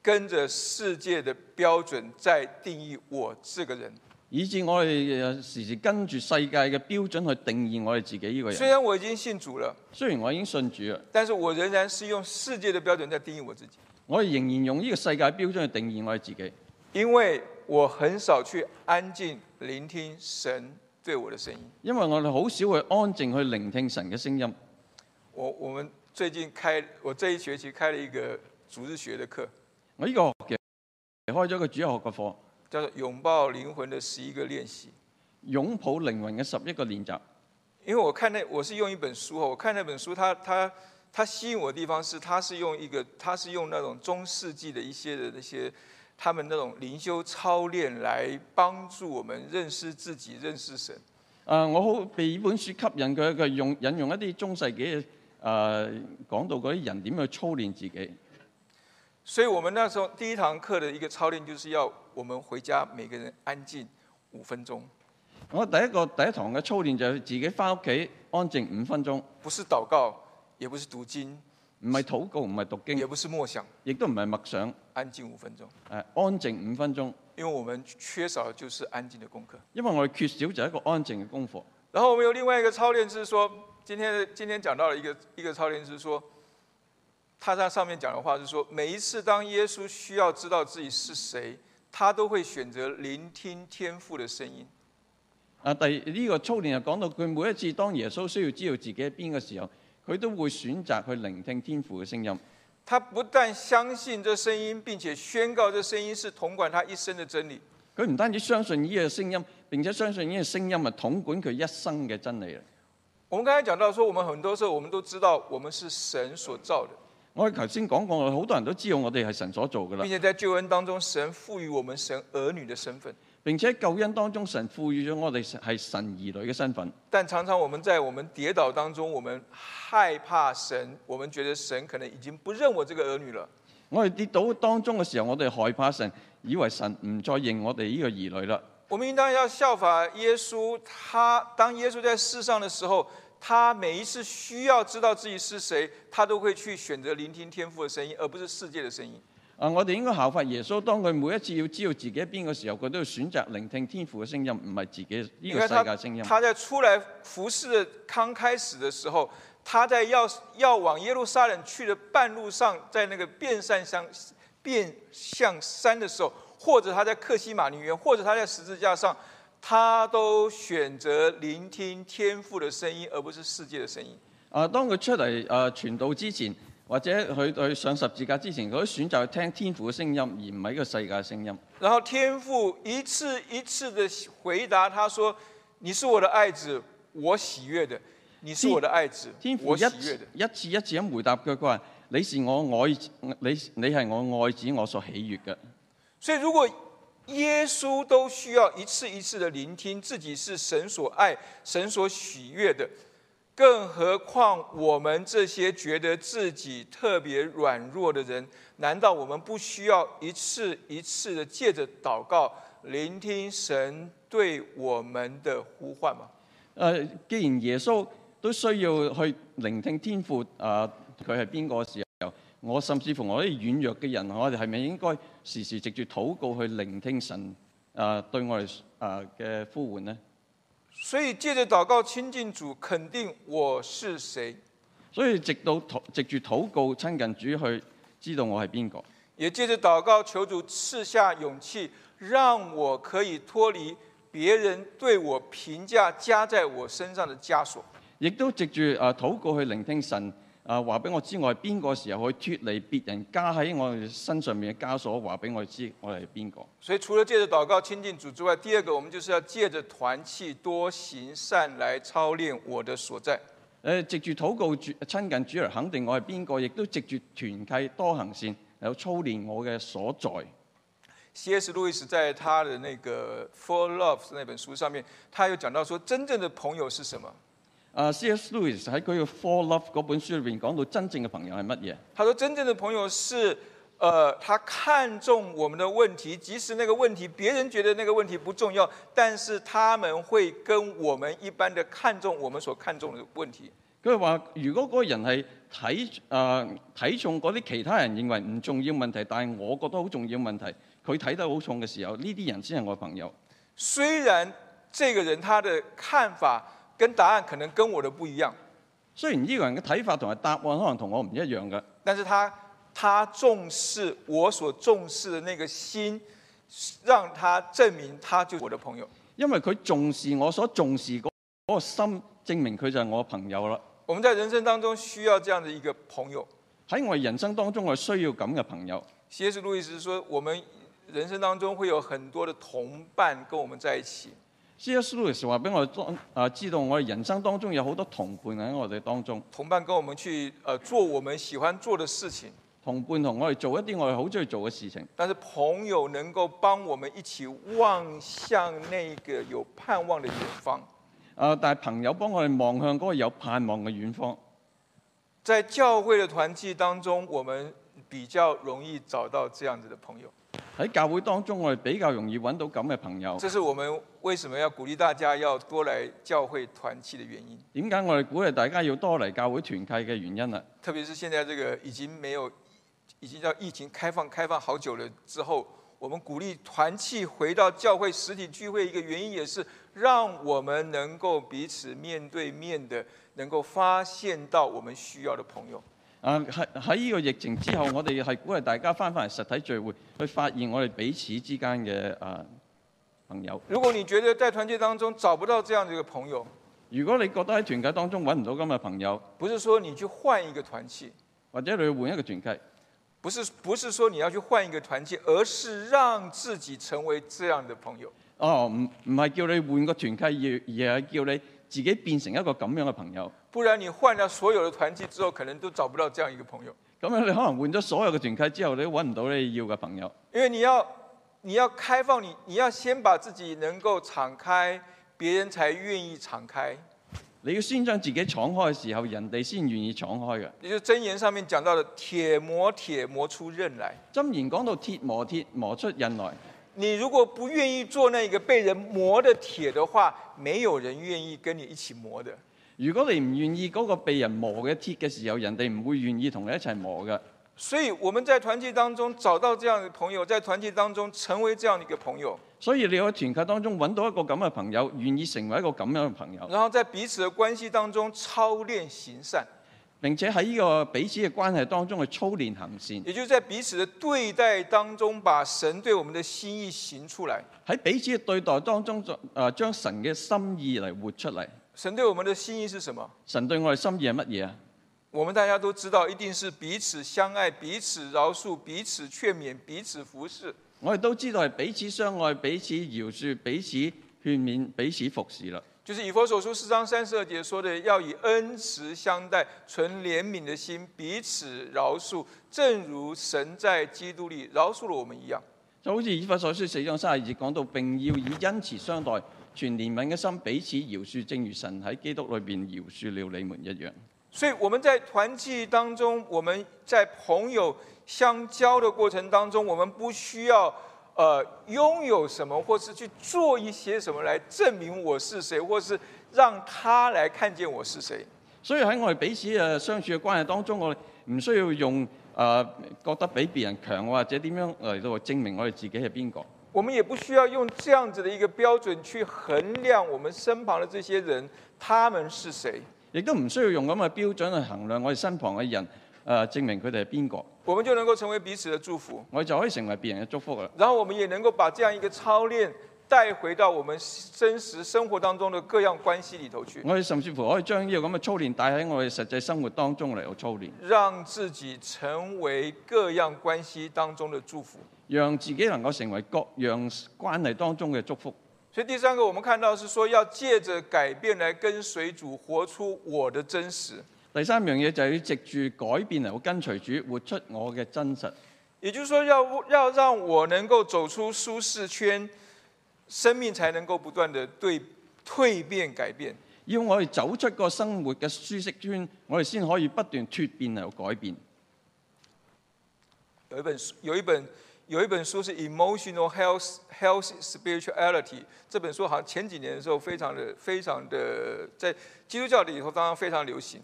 跟着世界的標準在定義我這個人。以至我哋時時跟住世界嘅標準去定義我哋自己呢個人。雖然我已經信主了，雖然我已經信主了，但是我仍然是用世界的標準在定義我自己。我哋仍然用呢個世界標準去定義我哋自己。因為我很少去安靜聆聽神對我的聲音，因為我哋好少去安靜去聆聽神嘅聲音。我我們最近開，我這一學期開了一個主日學的課。我呢個學期開咗個主日學嘅課，叫做擁抱靈魂的十一個練習，擁抱靈魂嘅十一個練習。因為我看那，我是用一本書，我看那本書，它它它吸引我嘅地方是，它是用一個，它是用那種中世紀的一些的那些。他們那種靈修操練來幫助我們認識自己、認識神。啊，我好被呢本書吸引，佢一用引用一啲中世紀誒講到嗰啲人點樣操練自己。所以，我們那時候第一堂課的一個操練，就是要我們回家每個人安靜五分鐘。我第一個第一堂嘅操練就係自己返屋企安靜五分鐘，不是禱告，也不是讀經。唔係禱告，唔係讀經，也不是默想，亦都唔係默想安、嗯，安靜五分鐘。誒，安靜五分鐘。因為我們缺少就是一個安靜的功課。因為我哋缺少就一個安靜嘅功課。然後我們有另外一個操練，就是說，今天今天講到了一個一個操練，就是說，他在上面講嘅話，是說，每一次當耶穌需要知道自己是誰，他都會選擇聆聽天父的聲音。啊，第呢個操練又講到佢每一次當耶穌需要知道自己喺邊嘅時候。佢都會選擇去聆聽天父嘅聲音。他不但相信這聲音，並且宣告這聲音是統管他一生的真理。佢唔單止相信呢個聲音，並且相信呢個聲音係統管佢一生嘅真理。啊！我們剛才講到，說我們很多時候，我們都知道我們是神所造的。我哋頭先講過，好多人都知道我哋係神所做㗎啦。並且在救恩當中，神賦予我們神兒女嘅身份。並且救恩當中，神賦予咗我哋係神兒女嘅身份。但常常我們在我們跌倒當中，我們害怕神，我們覺得神可能已經不認我這個兒女了。我哋跌倒當中嘅時候，我哋害怕神，以為神唔再認我哋呢個兒女啦。我們應該要效法耶穌，他當耶穌在世上的時候，他每一次需要知道自己是誰，他都會去選擇聆聽天父嘅聲音，而不是世界嘅聲音。啊！我哋應該效法耶穌，當佢每一次要知道自己喺邊個嘅時候，佢都要選擇聆聽天父嘅聲音，唔係自己呢、這個世界聲音。他，他在出來服侍嘅剛開始嘅時候，他在要要往耶路撒冷去嘅半路上，在那個變，變山向變像山嘅時候，或者他在客西馬尼園，或者他在十字架上，他都選擇聆聽天父嘅聲音，而不是世界嘅聲音。啊！當佢出嚟啊傳道之前。或者佢去上十字架之前，佢選擇去聽天父嘅聲音，而唔係一個世界嘅聲音。然後天父一次一次的回答，他說：“你是我的愛子，我喜悅的。你是我的愛子，天，天父我喜悅的。一，一次一次咁回答佢，佢話：“你是我愛，你你係我愛子，我所喜悅嘅。所以如果耶穌都需要一次一次的聆聽，自己是神所愛、神所喜悅的。更何況我們這些覺得自己特別軟弱的人，難道我們不需要一次一次的借着禱告聆聽神對我們的呼喚嗎、啊？既然耶穌都需要去聆聽天父，誒、啊，佢係邊個時候？我甚至乎我啲軟弱嘅人，我哋係咪應該時時藉住禱告去聆聽神誒、啊、對我哋嘅、啊、呼喚呢？所以借着禱告親近主，肯定我是誰。所以直到土藉住禱告親近主去知道我係邊個，也借着禱告求主賜下勇氣，讓我可以脫離別人對我評價加在我身上的枷鎖。亦都藉住啊禱告去聆聽神。啊！話俾我知我係邊個時候可以脫離別人加喺我身上面嘅枷鎖？話俾我知我係邊個。所以除了借着禱告親近主之外，第二個我們就是要借着團契多行善來操練我的所在。誒，藉住禱告主親近主而肯定我係邊個，亦都藉住團契多行善嚟操練我嘅所在。C.S. 路易斯在他的那個《For Love》那本書上面，他又講到說，真正的朋友是什麼？啊，C.S. Lewis 喺佢嘅《Four Loves》嗰本書裏邊講到，真正嘅朋友係乜嘢？他話真正嘅朋友是，呃，他看重我們嘅問題，即使那個問題別人覺得那個問題不重要，但是他們會跟我們一般的看重我們所看重嘅問題。佢話如果嗰個人係睇啊睇重嗰啲其他人認為唔重要問題，但係我覺得好重要問題，佢睇得好重嘅時候，呢啲人先係我嘅朋友。雖然呢個人他的看法。跟答案可能跟我的不一樣，雖然呢個人嘅睇法同埋答案可能同我唔一樣嘅，但是他他重視我所重視嘅那個心，讓他證明他就是我的朋友。因為佢重視我所重視個心，證明佢就係我朋友啦。我們在人生當中需要這樣的一個朋友，喺我人生當中我需要咁嘅朋友。C.S. 路易斯說，我們人生當中會有很多的同伴跟我們在一起。C.S. Lewis 是話俾我哋知，啊、呃，知道我哋人生當中有好多同伴喺我哋當中。同伴跟我們去，呃，做我們喜歡做的事情。同伴同我哋做一啲我哋好中意做嘅事情。但是朋友能夠幫我們一起望向那個有盼望嘅遠方。啊、呃，但係朋友幫我哋望向個有盼望嘅遠方。在教會嘅團契當中，我們比較容易找到這樣子嘅朋友。喺教會當中，我哋比較容易揾到咁嘅朋友。這是我們為什麼要鼓勵大家要多來教會團契的原因。點解我哋鼓勵大家要多嚟教會團契嘅原因啦？特別是現在這個已經沒有，已經叫疫情開放開放好久了之後，我們鼓勵團契回到教會實體聚會，一個原因也是讓我們能夠彼此面對面的，能夠發現到我們需要的朋友。啊！喺喺呢個疫情之後，我哋係鼓勵大家翻返嚟實體聚會，去發現我哋彼此之間嘅啊朋友。如果你覺得在團契當中找不到這樣嘅朋友，如果你覺得喺團契當中搵唔到咁嘅朋友，不是說你去換一個團契，或者你去換一個團契，不是，不是說你要去換一個團契，而是讓自己成為這樣的朋友。哦，唔唔係叫你換個團契，而而係叫你自己變成一個咁樣嘅朋友。不然你換了所有的團契之後，可能都找不到這樣一個朋友。咁樣你可能換咗所有嘅團契之後，你都揾唔到你要嘅朋友。因為你要你要開放，你你要先把自己能夠敞開，別人才願意敞開。你要先將自己敞開嘅時候，人哋先願意敞開嘅。你就箴言上面講到的，鐵磨鐵磨出刃來。箴言講到鐵磨鐵磨出刃來。你如果不願意做那一個被人磨的鐵的話，沒有人願意跟你一起磨的。如果你唔願意嗰個被人磨嘅鐵嘅時候，人哋唔會願意同你一齊磨嘅。所以我們在團結當中找到這樣的朋友，在團結當中成為這樣的一個朋友。所以你喺團結當中揾到一個咁嘅朋友，願意成為一個咁樣嘅朋友。然後在彼此嘅關係當中操練行善，並且喺呢個彼此嘅關係當中去操練行善。也就是在彼此嘅對待當中，把神對我們的心意行出來。喺彼此嘅對待當中，做誒將神嘅心意嚟活出嚟。神對我們的心意是什麼？神對我們的心意是乜嘢啊？我們大家都知道，一定是彼此相愛、彼此饒恕、彼此勸勉、彼此服侍。我哋都知道係彼此相愛、彼此饒恕、彼此勸勉、彼此服侍了。就是以弗所書四章三十二節說的，要以恩慈相待，存憐憫的心，彼此饒恕，正如神在基督裏饒恕了我們一樣。就好似以弗所書四章三十二節講到，並要以恩慈相待，全憐憫嘅心彼此饒恕，正如神喺基督裏邊饒恕了你們一樣。所以我們在團契當中，我們在朋友相交嘅過程當中，我們不需要呃擁有什麼，或是去做一些什麼來證明我是誰，或是讓他來看見我是誰。所以喺我哋彼此呃相處嘅關係當中，我哋唔需要用，誒覺得比別人強或者點樣嚟到證明我哋自己係邊個？我們也不需要用這樣子的一個標準去衡量我們身旁的這些人，他們是誰？亦都唔需要用咁嘅標準去衡量我哋身旁嘅人，誒、呃、證明佢哋係邊個？我們就能夠成為彼此的祝福。我哋就可以成為別人嘅祝福啦。然後我們也能夠把這樣一個操練。帶回到我們真實生活當中的各樣關係裏頭去。我哋甚至乎可以將呢個咁嘅操練帶喺我哋實際生活當中嚟去操練，讓自己成為各樣關係當中的祝福，讓自己能夠成為各樣關係當中嘅祝福。所以第三個，我們看到是說要借着改變嚟跟隨主，活出我的真實。第三樣嘢就係藉住改變嚟去跟隨主，活出我嘅真實。也就是說，要要讓我能夠走出舒適圈。生命才能夠不斷的對蛻變改變，要我哋走出個生活嘅舒適圈，我哋先可以不斷脱變又改變。有一本書，有一本有一本書是《Emotional Health Health Spirituality》。這本書好像，前幾年嘅時候非常的非常的在基督教裏頭當然非常流行。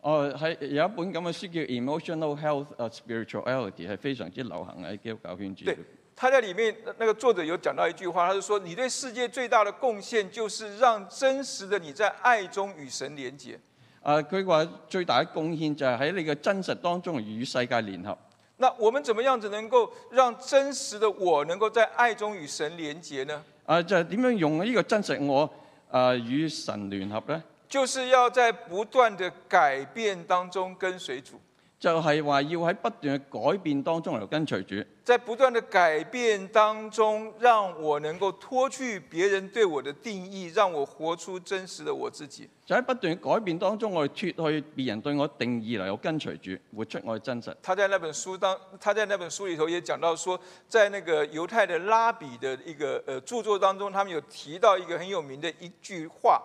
哦，係有一本咁嘅書叫《Emotional Health a Spirituality》，係非常之流行喺基督教圈子。他在裏面那個作者有講到一句話，他就說：你對世界最大的貢獻就是讓真實的你在愛中與神連結。啊，佢話最大嘅貢獻就係喺你嘅真實當中與世界聯合。那我們怎麼樣子能夠讓真實的我能夠在愛中與神連結呢？啊，就係、是、點樣用呢個真實我啊與、呃、神聯合呢？就是要在不斷的改變當中跟隨主。就係話要喺不斷嘅改變當中嚟跟隨主，在不斷嘅改變當中，讓我能夠脫去別人對我的定義，讓我活出真實的我自己。就喺不斷嘅改變當中，我脫去別人對我定義嚟，我跟隨主，活出我嘅真實。他在那本書當，他在那本書裏頭也講到說，說在那個猶太的拉比嘅一個呃著作當中，他們有提到一個很有名的一句話。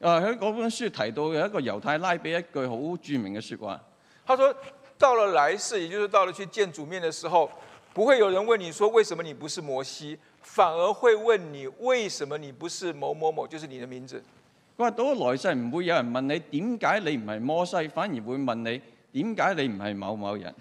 啊，喺嗰本書提到有一個猶太拉比一句好著名嘅說話，佢說。到了來世，也就是到了去見主面的時候，不會有人問你說為什麼你不是摩西，反而會問你為什麼你不是某某某，就是你的名字。我話到了來世，唔會有人問你點解你唔係摩西，反而會問你點解你唔係某某人。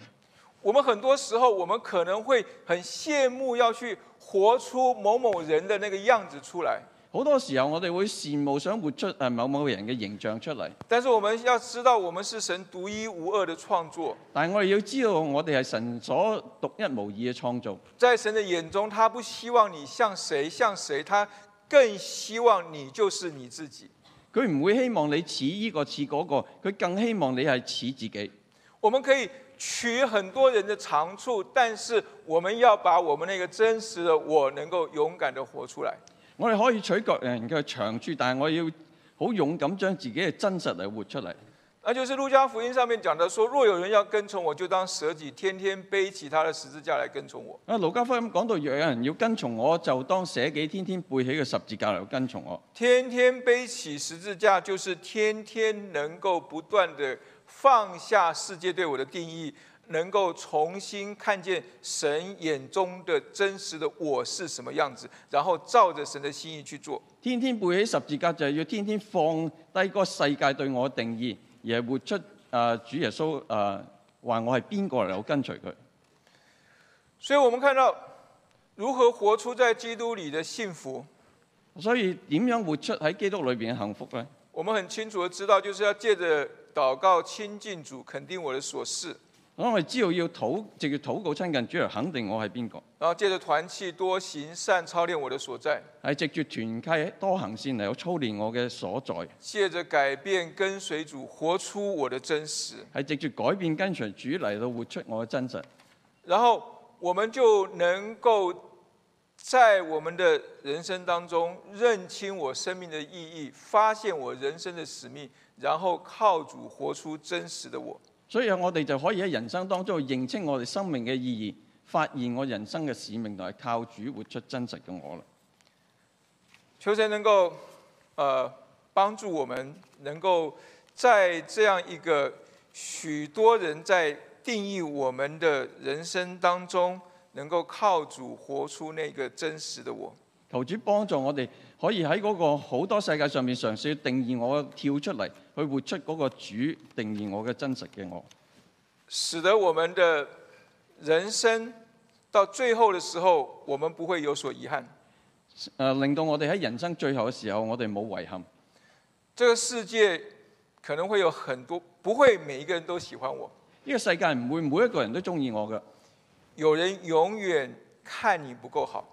我們很多時候，我們可能會很羨慕要去活出某某人的那個樣子出來。好多時候我哋會羨慕想活出誒某某人嘅形象出嚟。但是我們要知道，我們是神獨一無二的創作。但係我哋要知道，我哋係神所獨一無二嘅創造。在神嘅眼中，他不希望你像誰像誰，他更希望你就是你自己。佢唔會希望你似呢個似嗰個，佢更希望你係似自己。我們可以取很多人的長處，但是我們要把我們那個真實的我，能夠勇敢地活出來。我哋可以取各人嘅長處，但係我要好勇敢將自己嘅真實嚟活出嚟。那就是路加福音上面講嘅，說若有人要跟從我，就當捨己，天天背起他的十字架來跟從我。啊，路加福音講到若有人要跟從我，就當捨己，天天背起個十字架嚟跟從我。天天背起十字架，就是天天能夠不斷地放下世界對我的定義。能夠重新看見神眼中的真實的我是什麼樣子，然後照着神的心意去做。天天背起十字架，就係、是、要天天放低個世界對我嘅定義，而係活出啊、呃、主耶穌啊話、呃、我係邊個嚟，我跟隨佢。所以，我們看到如何活出在基督裏的幸福。所以，點樣活出喺基督裏邊嘅幸福呢？我們很清楚的知道，就是要借着禱告親近主，肯定我的所是。我哋知道要禱，直接禱告親近主嚟肯定我係邊個。然後借着團契多行善，操練我嘅所在。係藉住團契多行善嚟到操練我嘅所在。借着改變跟隨主，活出我嘅真實。係藉住改變跟隨主嚟到活出我嘅真實。然後，我們就能夠在我們的人生當中，認清我生命嘅意義，發現我人生的使命，然後靠主活出真實的我。所以我哋就可以喺人生當中認清我哋生命嘅意義，發現我人生嘅使命就係靠主活出真實嘅我啦。求神能夠，呃，幫助我們能夠在這樣一個許多人在定義我們的人生當中，能夠靠主活出那個真實的我。求主幫助我哋，可以喺嗰個好多世界上面嘗試定義我跳出嚟。去活出嗰個主定義我嘅真實嘅我，使得我們的人生到最後嘅時候，我們不會有所遺憾。誒，令到我哋喺人生最後嘅時候，我哋冇遺憾。這個世界可能會有很多，不會每一個人都喜歡我。呢個世界唔會每一個人都鍾意我嘅。有人永遠看你唔夠好，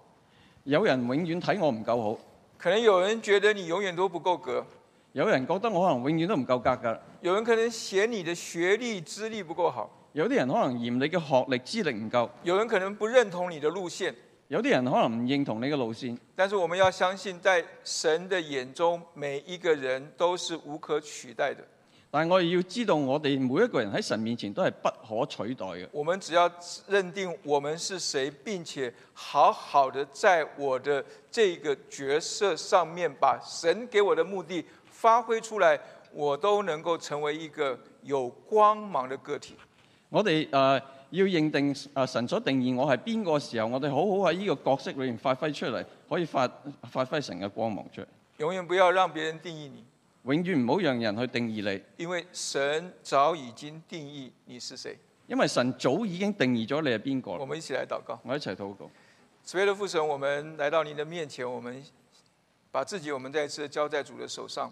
有人永遠睇我唔夠好，可能有人覺得你永遠都不夠格。有人覺得我可能永遠都唔夠格㗎。有人可能嫌你的學歷資歷唔夠好。有啲人可能嫌你嘅學歷資歷唔夠。有人可能不認同你的路線。有啲人可能唔認同你嘅路線。但是我們要相信，在神的眼中，每一個人都是無可取代的。但我要知道，我哋每一個人喺神面前都係不可取代嘅。我們只要認定我們係誰，並且好好的在我的這個角色上面，把神給我的目的，發揮出來，我都能夠成為一個有光芒的個體。我哋誒、呃、要認定誒、呃、神所定義我係邊個時候，我哋好好喺呢個角色裏面發揮出嚟，可以發發揮神嘅光芒出嚟。永遠不要讓別人定義你，永遠唔好讓人去定義你，因為神早已經定義你是誰。因為神早已經定義咗你係邊個。我們一起來禱告，我一齊禱告。所愛的父神，我們來到您的面前，我們把自己我們再次交在主的手上。